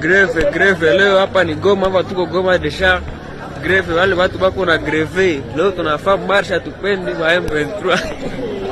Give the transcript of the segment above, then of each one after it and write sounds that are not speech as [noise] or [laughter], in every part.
greve greve. Leo hapa ni Goma, hapa tuko Goma desha greve, wale watu bako na greve leo, tunafaa marsha tupendi wa M23 [laughs]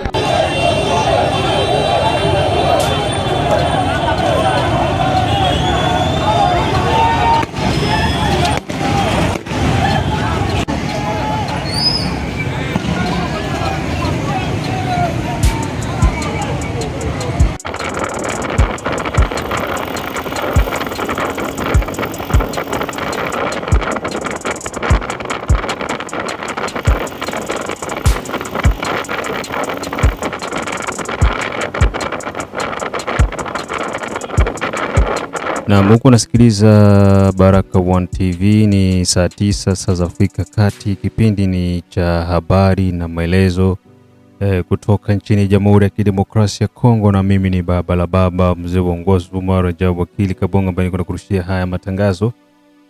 na huku unasikiliza Baraka One TV. Ni saa tisa saa za Afrika Kati. Kipindi ni cha habari na maelezo eh, kutoka nchini Jamhuri ya Kidemokrasia ya Kongo, na mimi ni baba la baba mzee wa Bumara Rajabu wakili Kabonga, ambaye niko nakurushia haya matangazo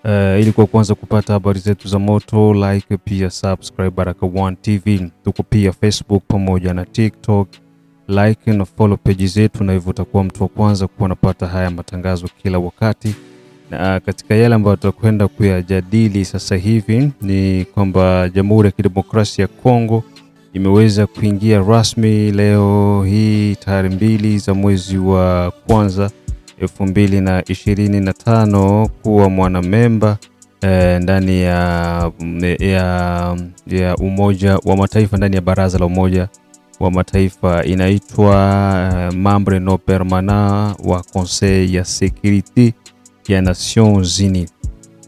eh, ili kwa kwanza kupata habari zetu za moto like, pia subscribe Baraka One TV. Tuko pia Facebook pamoja na TikTok like na follow page zetu, na hivyo utakuwa mtu wa kwanza kuwa unapata haya matangazo kila wakati. Na ah, katika yale ambayo tutakwenda kuyajadili sasa hivi ni kwamba Jamhuri ya Kidemokrasia ya Kongo imeweza kuingia rasmi leo hii tarehe mbili za mwezi wa kwanza elfu mbili na ishirini na tano kuwa mwanamemba eh, ndani ya, ya, ya Umoja wa Mataifa ndani ya Baraza la Umoja wa Mataifa inaitwa eh, membre non permanent wa Conseil ya Security ya Nations Unies.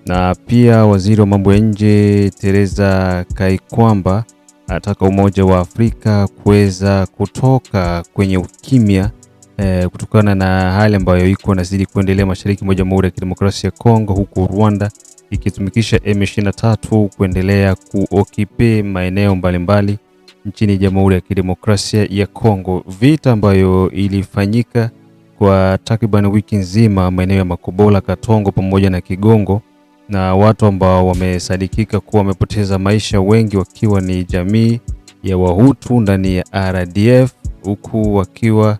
Na pia waziri wa mambo ya nje Teresa Kaikwamba anataka Umoja wa Afrika kuweza kutoka kwenye ukimya eh, kutokana na hali ambayo iko nazidi kuendelea mashariki mwa Jamhuri ya Kidemokrasia ya Kongo, huku Rwanda ikitumikisha M23 kuendelea kuokipe maeneo mbalimbali nchini Jamhuri ya Kidemokrasia ya Kongo, vita ambayo ilifanyika kwa takriban wiki nzima maeneo ya Makobola, Katongo pamoja na Kigongo, na watu ambao wamesadikika kuwa wamepoteza maisha, wengi wakiwa ni jamii ya Wahutu ndani ya RDF, huku wakiwa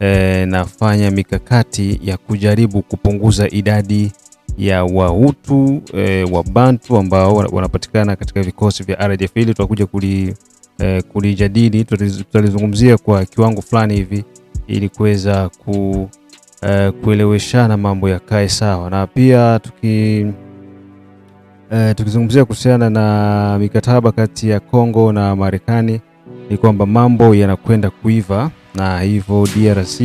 e, nafanya mikakati ya kujaribu kupunguza idadi ya Wahutu e, Wabantu ambao wanapatikana katika vikosi vya RDF ili tutakuja kuli eh, kulijadili. Tutalizungumzia kwa kiwango fulani hivi ili kuweza ku, Uh, kueleweshana mambo yakae sawa, na pia tuki uh, tukizungumzia kuhusiana na mikataba kati ya Kongo na Marekani ni kwamba mambo yanakwenda kuiva na hivyo DRC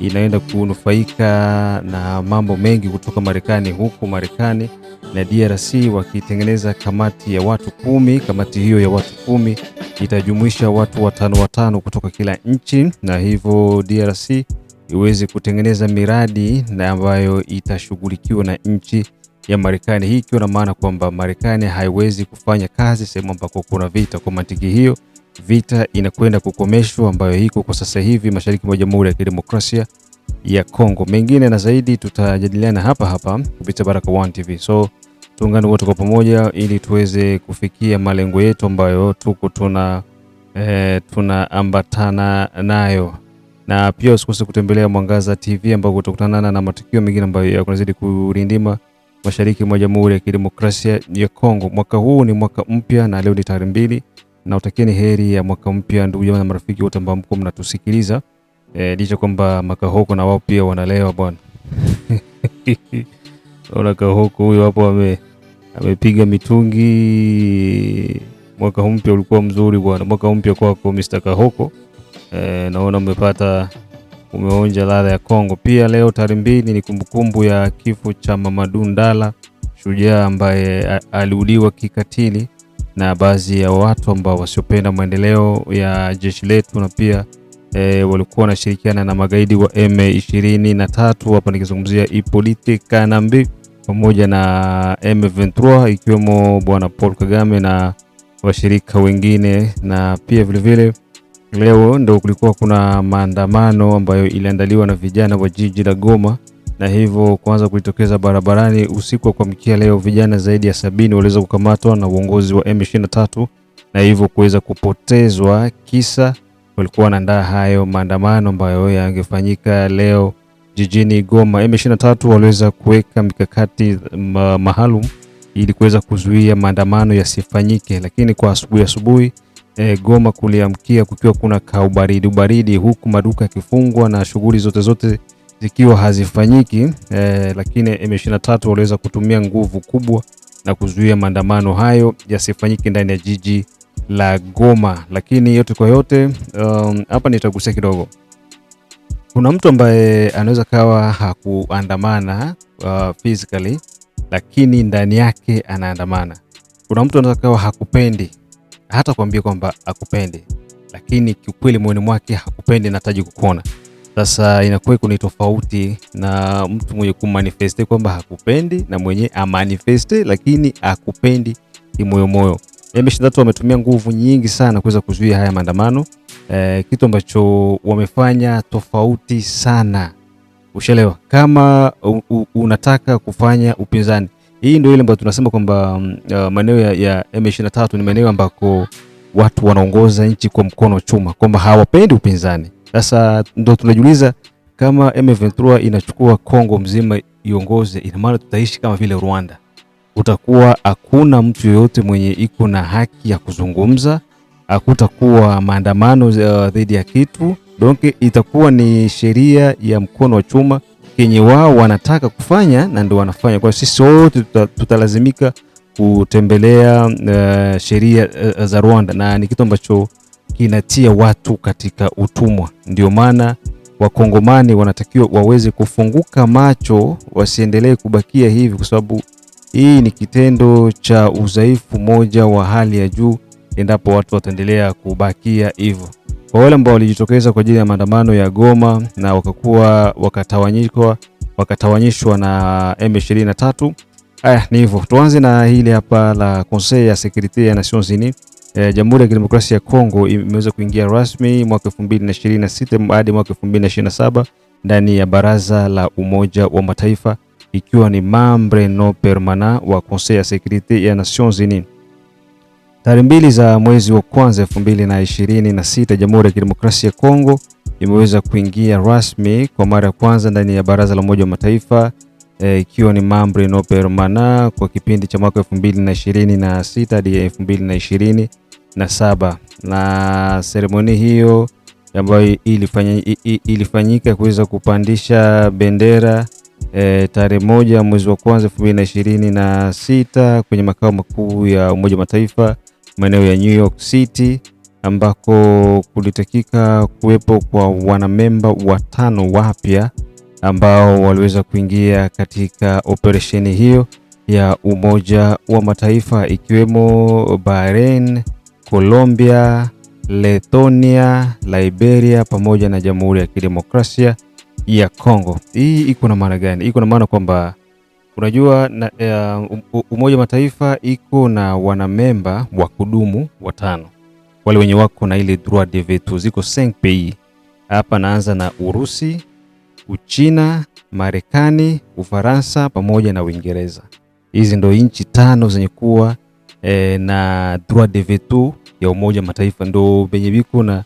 inaenda kunufaika na mambo mengi kutoka Marekani, huku Marekani na DRC wakitengeneza kamati ya watu kumi. Kamati hiyo ya watu kumi itajumuisha watu watano watano kutoka kila nchi, na hivyo DRC iweze kutengeneza miradi na ambayo itashughulikiwa na nchi ya Marekani, hii ikiwa na maana kwamba Marekani haiwezi kufanya kazi sehemu ambako kuna vita. Kwa mantiki hiyo vita inakwenda kukomeshwa ambayo iko kwa sasa hivi mashariki mwa Jamhuri ya Kidemokrasia ya Kongo. Mengine na zaidi tutajadiliana hapa hapa kupitia Baraka One TV. So tuungane wote kwa pamoja ili tuweze kufikia malengo yetu ambayo tuko tuna e, tunaambatana nayo, na pia usikose kutembelea Mwangaza TV ambapo utakutana na matukio mengine ambayo yanazidi kurindima mashariki mwa Jamhuri ya Kidemokrasia ya Kongo. Mwaka huu ni mwaka mpya na leo ni tarehe mbili na utakieni heri ya mwaka mpya, ndugu jamaa na marafiki wote ambao mko mnatusikiliza eh, licha kwamba makahoko na wao pia wanalewa bwana. [laughs] Ona kahoko huyo hapo ame amepiga mitungi. Mwaka mpya ulikuwa mzuri bwana, mwaka mpya kwako Mr. Kahoko. Eh, naona umepata umeonja ladha ya Kongo. Pia leo tarehe mbili ni kumbukumbu ya kifo cha Mamadou Ndala, shujaa ambaye aliuliwa kikatili na baadhi ya watu ambao wasiopenda maendeleo ya jeshi letu na pia e, walikuwa wanashirikiana na magaidi wa M23. Hapa nikizungumzia Hippolyte Kanambe pamoja na M23 ikiwemo bwana Paul Kagame na washirika wengine, na pia vilevile vile, leo ndo kulikuwa kuna maandamano ambayo iliandaliwa na vijana wa jiji la Goma na hivyo kuanza kujitokeza barabarani. Usiku wa kuamkia leo, vijana zaidi ya sabini waliweza kukamatwa na uongozi wa M23 na hivyo kuweza kupotezwa, kisa walikuwa wanaandaa hayo maandamano ambayo yangefanyika leo jijini Goma. M23 waliweza kuweka mikakati ma maalum ili kuweza kuzuia maandamano yasifanyike, lakini kwa asubuhi asubuhi E, Goma kuliamkia kukiwa kuna kaubaridi ubaridi, huku maduka yakifungwa na shughuli zote zote zikiwa hazifanyiki eh, lakini M23 waliweza kutumia nguvu kubwa na kuzuia maandamano hayo yasifanyike ndani ya jiji la Goma. Lakini yote kwa yote um, hapa, um, nitagusia kidogo. Kuna mtu ambaye anaweza kawa hakuandamana uh, physically, lakini ndani yake anaandamana. Kuna mtu anaweza kawa hakupendi, hata kuambia kwamba akupendi, lakini kiukweli moyoni mwake hakupendi na hataji kukuona. Sasa inakuwa kuna tofauti na mtu mwenye kumanifeste kwamba hakupendi na mwenye amanifeste lakini akupendi kimoyomoyo. M23 wametumia nguvu nyingi sana kuweza kuzuia haya maandamano e, kitu ambacho wamefanya tofauti sana. Ushelewa, kama unataka kufanya upinzani, hii ndio ile ambayo tunasema kwamba mm, uh, maeneo ya, ya M23 ni maeneo ambako watu wanaongoza nchi kwa mkono chuma, kwamba hawapendi upinzani sasa ndo tunajiuliza kama M23 inachukua Kongo mzima iongoze, ina maana tutaishi kama vile Rwanda, utakuwa hakuna mtu yoyote mwenye iko na haki ya kuzungumza, hakutakuwa maandamano uh, dhidi ya kitu donke, itakuwa ni sheria ya mkono wa chuma kenye wao wanataka kufanya na ndio wanafanya. Kwa sisi wote tuta, tutalazimika kutembelea uh, sheria uh, za Rwanda na ni kitu ambacho inatia watu katika utumwa. Ndio maana wakongomani wanatakiwa waweze kufunguka macho, wasiendelee kubakia hivi, kwa sababu hii ni kitendo cha udhaifu moja wa hali ya juu, endapo watu wataendelea kubakia hivyo. Kwa wale ambao walijitokeza kwa ajili ya maandamano ya Goma na wakakuwa wakatawanyikwa wakatawanyishwa na M23, haya ni hivyo. Tuanze na hili hapa la Conseil ya Securite ya Nations Unies eh, Jamhuri ya Kidemokrasia ya Kongo imeweza kuingia rasmi mwaka 2026 hadi mwaka 2027 ndani ya Baraza la Umoja wa Mataifa ikiwa ni membre non permanent wa Conseil ya Securite ya Nations Unies. Tarehe mbili za mwezi wa kwanza elfu mbili na ishirini na sita Jamhuri ya Kidemokrasia ya Kongo imeweza kuingia rasmi kwa mara ya kwanza ndani ya Baraza la Umoja wa Mataifa eh, ikiwa e, ni membre non permanent kwa kipindi cha mwaka elfu mbili na ishirini na sita hadi elfu mbili na ishirini na saba na seremoni hiyo ambayo ilifanyika kuweza kupandisha bendera e, tarehe moja mwezi wa kwanza elfu mbili na ishirini na sita kwenye makao makuu ya Umoja wa Mataifa maeneo ya New York City ambako kulitakika kuwepo kwa wanamemba watano wapya ambao waliweza kuingia katika operesheni hiyo ya Umoja wa Mataifa ikiwemo Bahrain Colombia, Letonia, Liberia pamoja na Jamhuri ya Kidemokrasia ya Kongo. Hii iko na maana gani? Iko na maana kwamba unajua na, uh, Umoja wa Mataifa iko na wanamemba wa kudumu watano, wale wenye wako na ile droit de veto, ziko 5 pays hapa. Naanza na Urusi, Uchina, Marekani, Ufaransa pamoja na Uingereza. Hizi ndo nchi tano zenye kuwa e, na droit de veto ya Umoja Mataifa ndo venye biko na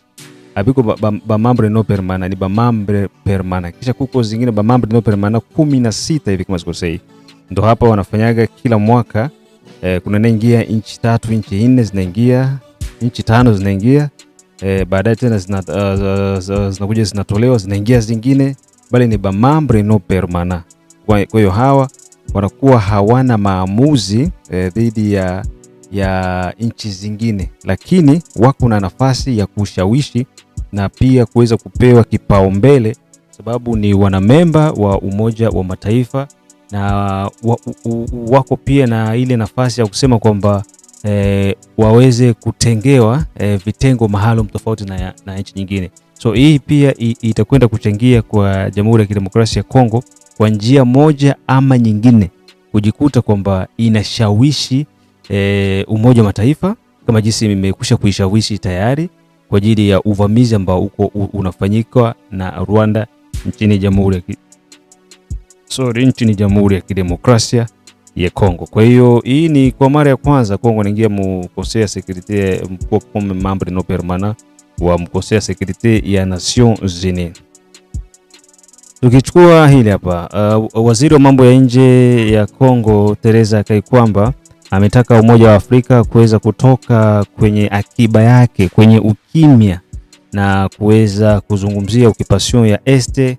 abiko ah, bamambre ba, ba no permana ni bamambre permana, kisha kuko zingine bamambre no permana kumi na sita hivi kama sikosei, ndo hapa wanafanyaga kila mwaka e, kuna naingia nchi tatu nchi nne zinaingia nchi tano zinaingia e, baadaye tena ah, zinakuja uh, zina, zina, zinatolewa zinaingia zingine, bali ni bamambre no permana. Kwa hiyo hawa wanakuwa hawana maamuzi e, dhidi ya uh, ya nchi zingine, lakini wako na nafasi ya kushawishi na pia kuweza kupewa kipaumbele, sababu ni wanamemba wa Umoja wa Mataifa na wako pia na ile nafasi ya kusema kwamba e, waweze kutengewa e, vitengo maalum tofauti na, na nchi nyingine. So hii pia itakwenda kuchangia kwa Jamhuri ya Kidemokrasia ya Kongo kwa njia moja ama nyingine kujikuta kwamba inashawishi e, Umoja wa Mataifa kama jinsi imekwisha kuishawishi tayari kwa ajili ya uvamizi ambao uko unafanyika na Rwanda nchini Jamhuri ya sorry, nchini Jamhuri ya Kidemokrasia ya Kongo. Kwa hiyo hii ni kwa mara ya kwanza Kongo inaingia mkosea sekurite mkuu comme mambre no permana wa mkosea sekurite ya Nations Unies. Tukichukua hili hapa uh, waziri wa mambo ya nje ya Kongo Teresa Kaikwamba ametaka Umoja wa Afrika kuweza kutoka kwenye akiba yake kwenye ukimya na kuweza kuzungumzia ukipasio ya este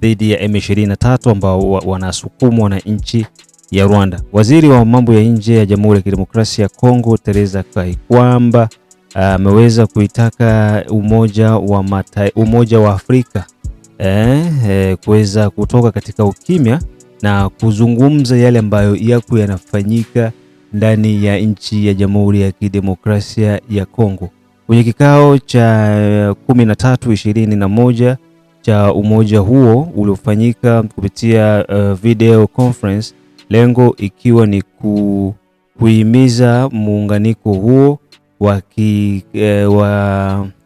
dhidi ya M23 ambao wanasukumwa na nchi ya Rwanda. Waziri wa mambo ya nje ya Jamhuri ya Kidemokrasia ya Kongo Teresa Kaikwamba ameweza uh, kuitaka Umoja wa, mata, Umoja wa Afrika eh, eh, kuweza kutoka katika ukimya na kuzungumza yale ambayo yako yanafanyika ndani ya nchi ya Jamhuri ya Kidemokrasia ya Kongo. Kwenye kikao cha eh, kumi na tatu ishirini na moja cha umoja huo uliofanyika kupitia uh, video conference, lengo ikiwa ni ku, kuhimiza muunganiko huo wa, ki, eh, wa,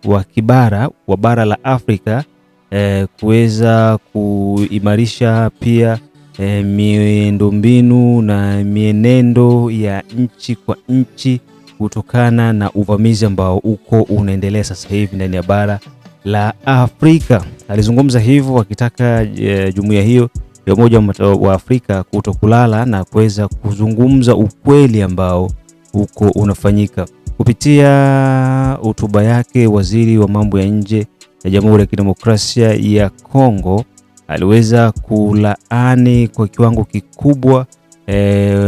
wa kibara wa bara la Afrika eh, kuweza kuimarisha pia e, miundombinu na mienendo ya nchi kwa nchi kutokana na uvamizi ambao uko unaendelea sasa hivi ndani ya bara la Afrika. Alizungumza hivyo akitaka e, jumuiya hiyo ya Umoja wa Afrika kutokulala na kuweza kuzungumza ukweli ambao uko unafanyika. Kupitia hotuba yake, waziri wa mambo ya nje ya Jamhuri ya Kidemokrasia ya Kongo aliweza kulaani kwa kiwango kikubwa e,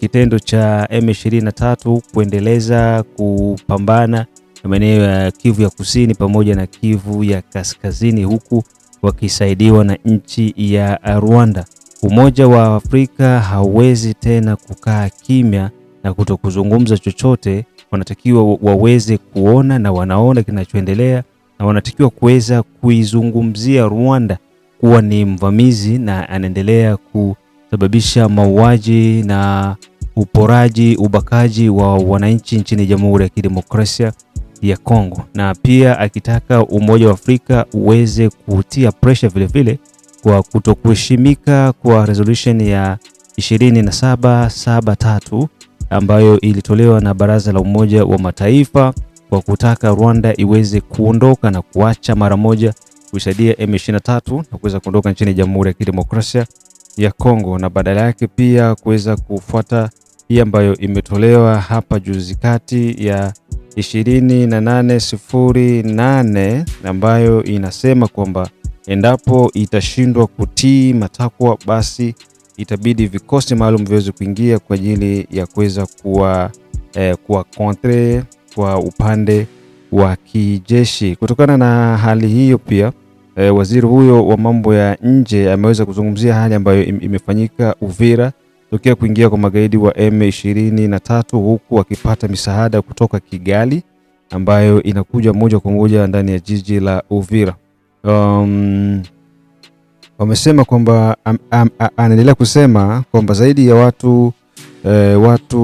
kitendo cha M23 kuendeleza kupambana maeneo ya Kivu ya Kusini pamoja na Kivu ya Kaskazini huku wakisaidiwa na nchi ya Rwanda. Umoja wa Afrika hauwezi tena kukaa kimya na kutokuzungumza chochote, wanatakiwa waweze kuona na wanaona kinachoendelea na wanatakiwa kuweza kuizungumzia Rwanda kuwa ni mvamizi na anaendelea kusababisha mauaji na uporaji, ubakaji wa wananchi nchini Jamhuri ya Kidemokrasia ya Kongo, na pia akitaka Umoja wa Afrika uweze kutia pressure vile vile kwa kutokuheshimika kwa resolution ya 2773 ambayo ilitolewa na Baraza la Umoja wa Mataifa kwa kutaka Rwanda iweze kuondoka na kuacha mara moja kuisaidia M23 na kuweza kuondoka nchini Jamhuri ya Kidemokrasia ya Kongo, na badala yake pia kuweza kufuata hii ambayo imetolewa hapa juzi kati ya 2808 ambayo inasema kwamba endapo itashindwa kutii matakwa, basi itabidi vikosi maalum viweze kuingia kwa ajili ya kuweza kuwa eh, kuwa kontre kwa upande wa kijeshi. Kutokana na hali hiyo pia e, waziri huyo wa mambo ya nje ameweza kuzungumzia hali ambayo im, imefanyika Uvira tokea kuingia kwa magaidi wa M23 huku wakipata misaada kutoka Kigali ambayo inakuja moja kwa moja ndani ya jiji la Uvira. Um, wamesema kwamba anaendelea kusema kwamba zaidi ya watu eh, watu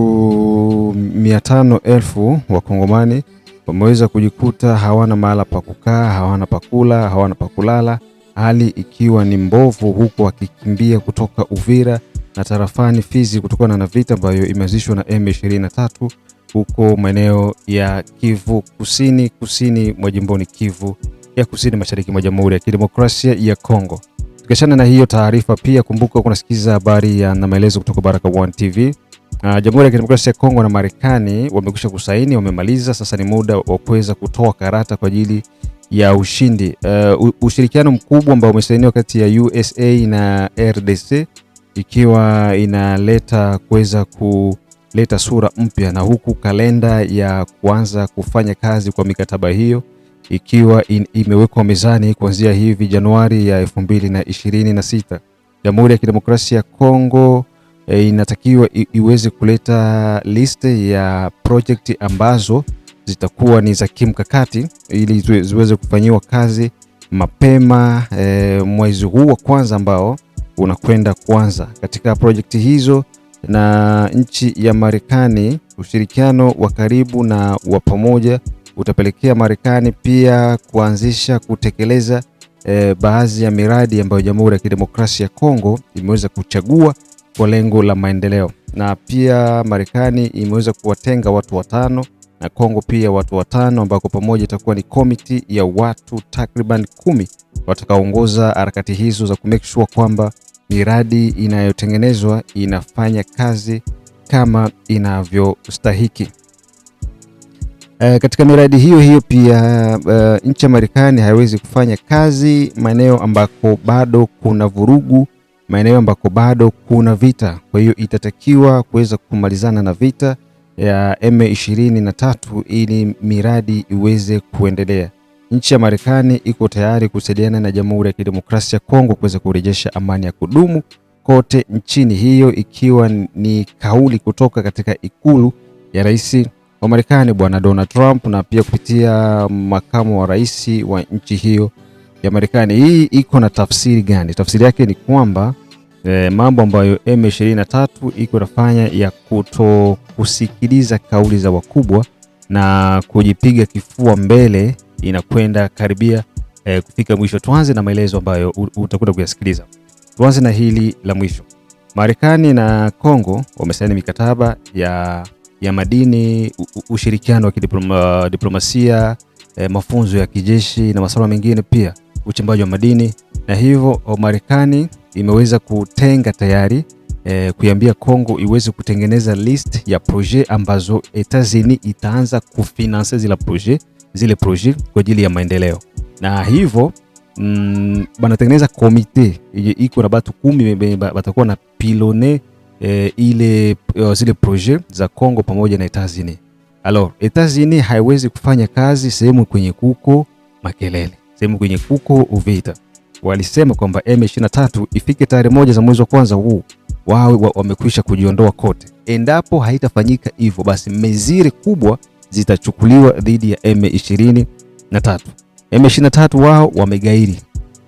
mia wa elfu Wakongomani wameweza kujikuta hawana mahala pa kukaa, hawana pakula, hawana pakulala, hali ikiwa ni mbovu, huku wakikimbia kutoka Uvira na tarafani Fizi kutokana na vita ambayo imeanzishwa na M23 huko maeneo ya Kivu Kusini, kusini mwa jimboni Kivu ya Kusini, mashariki mwa Jamhuri ya Kidemokrasia ya Kongo. Tukiachana na hiyo taarifa, pia kumbuka kunasikiza habari na maelezo kutoka Baraka One TV. Uh, Jamhuri ya Kidemokrasia ya Kongo na Marekani wamekwisha kusaini, wamemaliza. Sasa ni muda wa kuweza kutoa karata kwa ajili ya ushindi. Uh, ushirikiano mkubwa ambao umesainiwa kati ya USA na RDC ikiwa inaleta kuweza kuleta sura mpya, na huku kalenda ya kuanza kufanya kazi kwa mikataba hiyo ikiwa in, imewekwa mezani kuanzia hivi Januari ya 2026. Jamhuri ya Kidemokrasia ya Kongo e, inatakiwa iweze kuleta liste ya project ambazo zitakuwa ni za kimkakati ili ziweze kufanyiwa kazi mapema e, mwezi huu wa kwanza ambao unakwenda kuanza. Katika project hizo na nchi ya Marekani, ushirikiano wa karibu na wa pamoja utapelekea Marekani pia kuanzisha kutekeleza e, baadhi ya miradi ambayo Jamhuri ya Kidemokrasia ya Kongo imeweza kuchagua kwa lengo la maendeleo. Na pia Marekani imeweza kuwatenga watu watano na Kongo pia watu watano, ambako pamoja itakuwa ni komiti ya watu takriban kumi watakaoongoza harakati hizo za kumake sure kwamba miradi inayotengenezwa inafanya kazi kama inavyostahiki. E, katika miradi hiyo hiyo pia e, nchi ya Marekani haiwezi kufanya kazi maeneo ambako bado kuna vurugu maeneo ambako bado kuna vita. Kwa hiyo itatakiwa kuweza kumalizana na vita ya M23 ili miradi iweze kuendelea. Nchi ya Marekani iko tayari kusaidiana na Jamhuri ya Kidemokrasia ya Kongo kuweza kurejesha amani ya kudumu kote nchini hiyo, ikiwa ni kauli kutoka katika ikulu ya rais wa Marekani Bwana Donald Trump na pia kupitia makamu wa rais wa nchi hiyo ya Marekani. Hii iko na tafsiri gani? Tafsiri yake ni kwamba e, mambo ambayo M23 iko nafanya ya kuto kusikiliza kauli za wakubwa na kujipiga kifua mbele inakwenda karibia e, kufika mwisho. Tuanze na maelezo ambayo utakwenda kuyasikiliza. Tuanze na hili la mwisho. Marekani na Kongo wamesaini mikataba ya, ya madini, ushirikiano wa kidiplomasia, eh, mafunzo ya kijeshi na masuala mengine pia uchimbaji wa madini, na hivyo eh, Marekani imeweza kutenga tayari e, kuiambia Kongo iweze kutengeneza list ya projet ambazo Etazini itaanza kufinanse zile projet zile projet kwa ajili ya maendeleo, na hivyo mm, komite iko na batu kumi watakuwa na pilone e, ile zile projet za Kongo pamoja na Etazini. Alors, Etazini haiwezi kufanya kazi sehemu kwenye kuko makelele sehemu kwenye kuko Uvita walisema kwamba M23 ifike tarehe moja za mwezi wa kwanza huu wawe wamekwisha kujiondoa kote. Endapo haitafanyika hivyo, basi meziri kubwa zitachukuliwa dhidi ya M23. M23 wao wamegairi,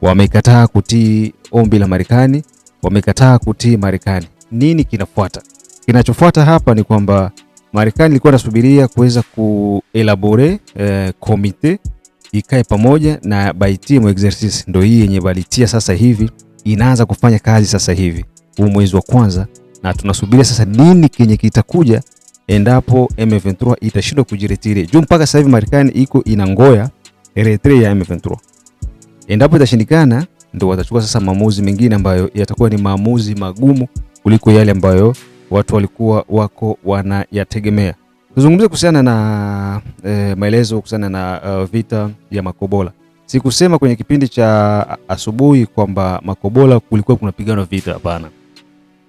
wamekataa kutii ombi la Marekani, wamekataa kutii Marekani. Nini kinafuata? Kinachofuata hapa ni kwamba Marekani ilikuwa inasubiria kuweza kuelabore eh, komite ikae pamoja na Bytimo exercise, ndio hii yenye balitia sasa hivi inaanza kufanya kazi sasa hivi huu mwezi wa kwanza, na tunasubiria sasa nini kenye kitakuja endapo M23 itashindwa kujiretire juu mpaka sasa hivi Marekani iko inangoya retire ya M23. Endapo itashindikana, ndio watachukua sasa maamuzi mengine ambayo yatakuwa ni maamuzi magumu kuliko yale ambayo watu walikuwa wako wanayategemea. Tuzungumzie kuhusiana na e, maelezo kuhusiana na uh, vita ya Makobola. Sikusema kwenye kipindi cha asubuhi kwamba Makobola kulikuwa kuna pigano vita, hapana.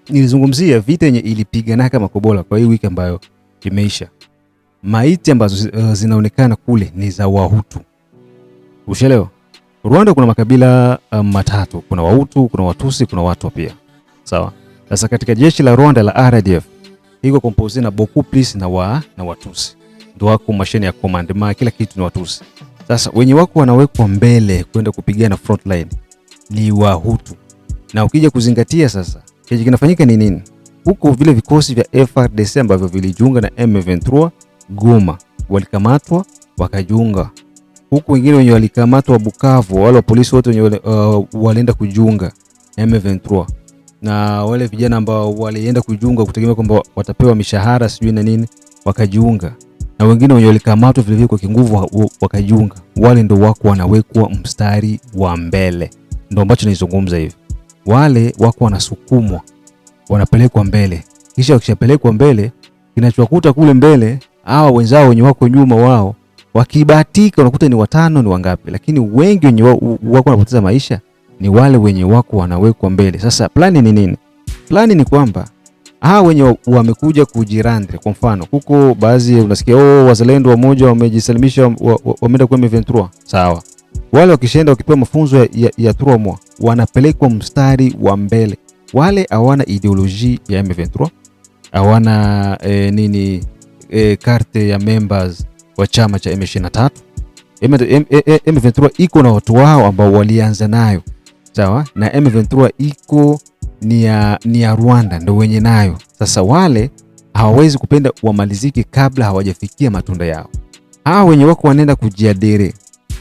Nilizungumzia vita yenye ilipiganaka Makobola kwa hii wiki ambayo imeisha. Maiti ambazo uh, zinaonekana kule ni za Wahutu, Ushelewa? Rwanda kuna makabila um, matatu, kuna Wahutu, kuna Watusi, kuna Watwa pia, sawa. Sasa katika jeshi la Rwanda la RDF iko compose na beaucoup plus na wa na Watusi, ndio wako mashine ya commandement, kila kitu ni Watusi. Sasa wenye wako wanawekwa mbele kwenda kupigana front line ni Wahutu, na ukija kuzingatia sasa kile kinafanyika ni nini huko, vile vikosi vya frdc ambavyo vilijiunga na M23 Goma walikamatwa wakajiunga huku, wengine wenye walikamatwa Bukavu, wale polisi wote wenye uh, walienda kujiunga M23 na wale vijana ambao walienda kujiunga kutegemea kwamba watapewa mishahara sijui na nini, wakajiunga na wengine wenye walikamatwa vilevile kwa kinguvu wakajiunga, wale ndo wako wanawekwa mstari wa mbele. Ndo ambacho naizungumza hivi, wale wako wanasukumwa, wanapelekwa mbele, kisha wakishapelekwa mbele, kinachowakuta kule mbele, hawa wenzao wenye wako nyuma wao wakibahatika, unakuta ni watano, ni wangapi, lakini wengi wenye wako wanapoteza maisha ni wale wenye wako wanawekwa mbele. Sasa plani ni nini? Plani ni kwamba hawa wenye wamekuja kujirandre, kwa mfano huko baadhi unasikia oh, wazalendo wamoja wamejisalimisha, wameenda kwa M23. Sawa, wale wakishaenda wakipewa mafunzo ya, ya, ya tromwa wanapelekwa mstari wa mbele. Wale hawana ideoloji ya M23, hawana e, nini e, karte ya members wa chama cha M23. M23 iko na watu wao ambao walianza nayo sawa, na M23 iko ni ya, ni ya Rwanda ndio wenye nayo. Sasa wale hawawezi kupenda wamalizike kabla hawajafikia matunda yao. Hawa wenye wako wanaenda kujiadere,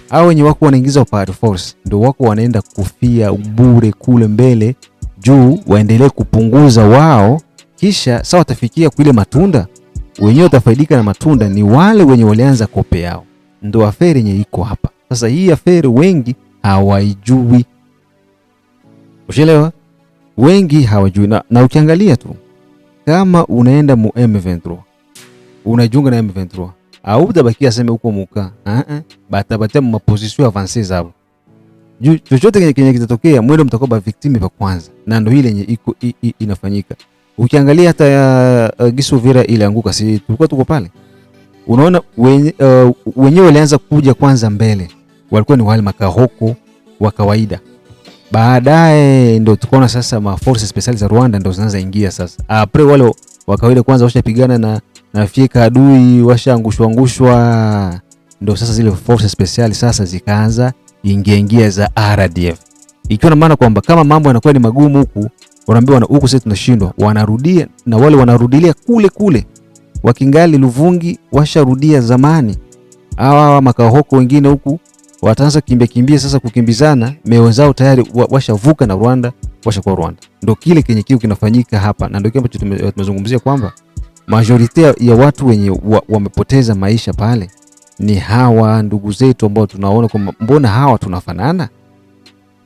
hawa wenye wako wanaingiza party force, ndio wako wanaenda kufia bure kule mbele juu waendelee kupunguza wao, kisha sawa watafikia kule matunda, wenyewe watafaidika na matunda ni wale wenye walianza kope yao. Ndio aferi yenye iko hapa sasa. Hii aferi wengi hawaijui, Ushielewa? Wengi hawajui na, na ukiangalia tu kama unaenda mu M23 unajiunga na M23 au utabaki aseme huko muka uh eh, -uh. Eh, batabatia ma position avance zabo chochote kenye kitatokea mwendo mtakoba victim wa kwanza, na ndio ile yenye iko inafanyika. Ukiangalia hata ya uh, Gisu Vira ile anguka, si tulikuwa tuko pale, unaona wenye, uh, wenyewe walianza kuja kwanza mbele, walikuwa ni wale makahoko wa kawaida baadaye ndo tukaona sasa ma forces speciali za Rwanda ndo zinaanza ingia sasa. Apre ah, wale wa kawaida kwanza washapigana na na fieka adui washaangushwa ngushwa, ndo sasa zile forces speciali sasa zikaanza ingia ingia za RDF, ikiwa na maana kwamba kama mambo yanakuwa ni magumu huku, wanaambiwa huku sisi tunashindwa, wanarudia na wale wanarudilia kule kule, wakingali Luvungi washarudia zamani, hawa makahoko wengine huku wataanza kimbia kimbia sasa kukimbizana, mewe tayari washavuka na Rwanda, washakuwa Rwanda. Ndio kile kenye kiu kinafanyika hapa, na ndio kile ambacho tumezungumzia kwamba majority ya watu wenye wa, wamepoteza maisha pale ni hawa ndugu zetu ambao tunaona kwa mbona hawa tunafanana,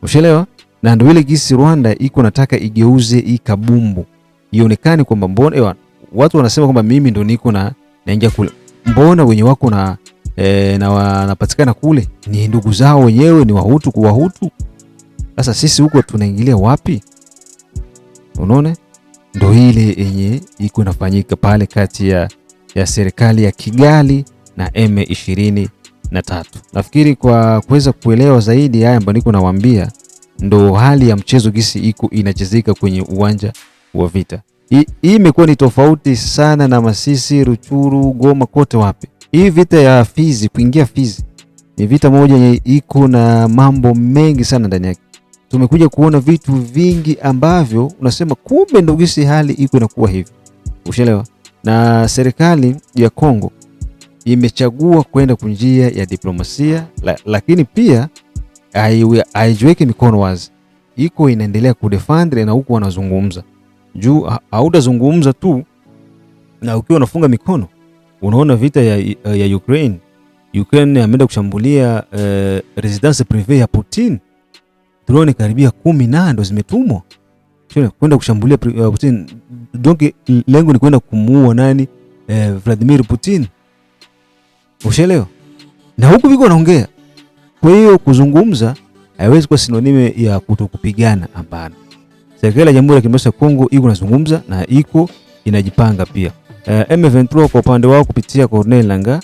ushelewa. Na ndio ile gisi Rwanda iko nataka igeuze hii kabumbu ionekane kwamba mbona watu wanasema kwamba mimi ndo niko na naingia kule, mbona wenye wako na e, na wanapatikana kule ni ndugu zao wenyewe, ni wahutu kwa wahutu. Sasa sisi huko tunaingilia wapi? Unaona, ndo ile yenye iko inafanyika pale kati ya, ya serikali ya Kigali na M23. Nafikiri kwa kuweza kuelewa zaidi haya ambayo niko nawaambia, ndo hali ya mchezo gisi iko inachezeka kwenye uwanja wa vita. Hii imekuwa ni tofauti sana na Masisi, Ruchuru, Goma, kote wapi hii vita ya Fizi kuingia Fizi ni vita moja yenye iko na mambo mengi sana ndani yake. Tumekuja kuona vitu vingi ambavyo unasema kumbe ndio gisi hali iko inakuwa hivi, ushelewa. Na serikali ya Kongo imechagua kwenda kunjia ya diplomasia la, lakini pia haijiweki mikono wazi, iko inaendelea kudefendre na huku wanazungumza juu, hautazungumza tu na ukiwa unafunga mikono Unaona vita ya, ya Ukraine, Ukraine ameenda kushambulia eh, residence privée ya Putin. Drone karibia kumi na ndo zimetumwa kwenda kushambulia uh, Putin. Donc lengo ni kwenda kumuua nani? Eh, Vladimir Putin. Ushelewa? Na huku viko naongea. Kwa hiyo kuzungumza haiwezi kuwa sinonime ya kutokupigana, hapana. Serikali ya Jamhuri ya Kidemokrasia ya Kongo iko nazungumza na iko inajipanga pia. Eh, M23 kwa upande wao kupitia Corneille Nangaa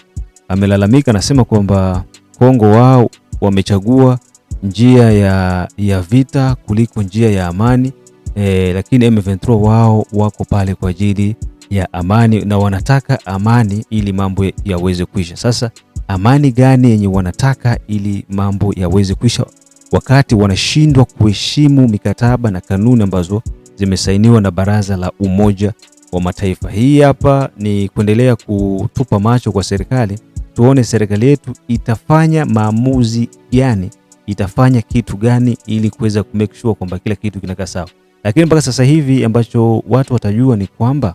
amelalamika, anasema kwamba Kongo wao wamechagua njia ya, ya vita kuliko njia ya amani e, lakini M23 wao wako pale kwa ajili ya amani na wanataka amani ili mambo yaweze kuisha. Sasa amani gani yenye wanataka ili mambo yaweze kuisha wakati wanashindwa kuheshimu mikataba na kanuni ambazo zimesainiwa na Baraza la Umoja wa mataifa. Hii hapa ni kuendelea kutupa macho kwa serikali, tuone serikali yetu itafanya maamuzi gani, itafanya kitu gani ili kuweza ku sure kwamba kila kitu kinakaa sawa. Lakini mpaka sasa hivi ambacho watu watajua ni kwamba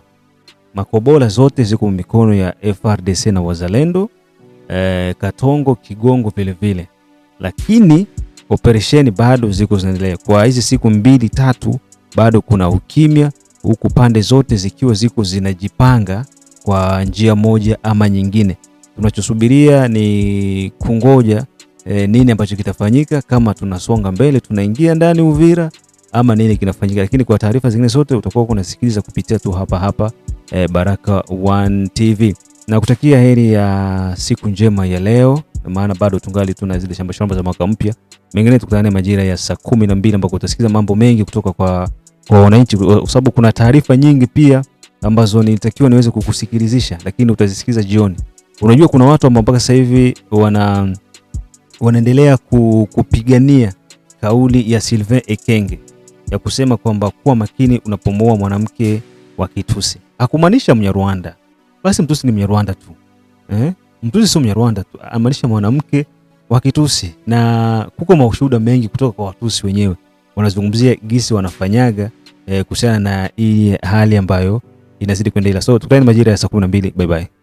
makobola zote ziko mikono ya FRDC na Wazalendo eh, Katongo, Kigongo vile vile, lakini operesheni bado ziko zinaendelea. Kwa hizi siku mbili tatu bado kuna ukimya huku pande zote zikiwa ziko zinajipanga kwa njia moja ama nyingine. Tunachosubiria ni kungoja e, nini ambacho kitafanyika, kama tunasonga mbele, tunaingia ndani Uvira ama nini kinafanyika, lakini kwa taarifa zingine zote utakuwa unasikiliza kupitia tu hapa hapa e, Baraka One TV na kutakia heri ya siku njema ya leo, maana bado tungali tuna zile shamba shamba za mwaka mpya. Mengine tukutane majira ya saa kumi na mbili ambako utasikiza mambo mengi kutoka kwa kwa wananchi, kwa sababu kuna taarifa nyingi pia ambazo nilitakiwa niweze kukusikilizisha, lakini utazisikiza jioni. Unajua kuna watu ambao mpaka sasa hivi wana wanaendelea kupigania kauli ya Sylvain Ekenge ya kusema kwamba kuwa makini unapomoa mwanamke wa Kitusi. Hakumaanisha Mnyarwanda. Basi Mtusi ni Mnyarwanda tu. Eh? Mtusi sio Mnyarwanda tu, amaanisha mwanamke wa Kitusi na kuko mashuhuda mengi kutoka kwa Watusi wenyewe wanazungumzia gisi wanafanyaga eh, kuhusiana na hii hali ambayo inazidi kuendelea. So tukutane majira ya saa 12. Bye bye.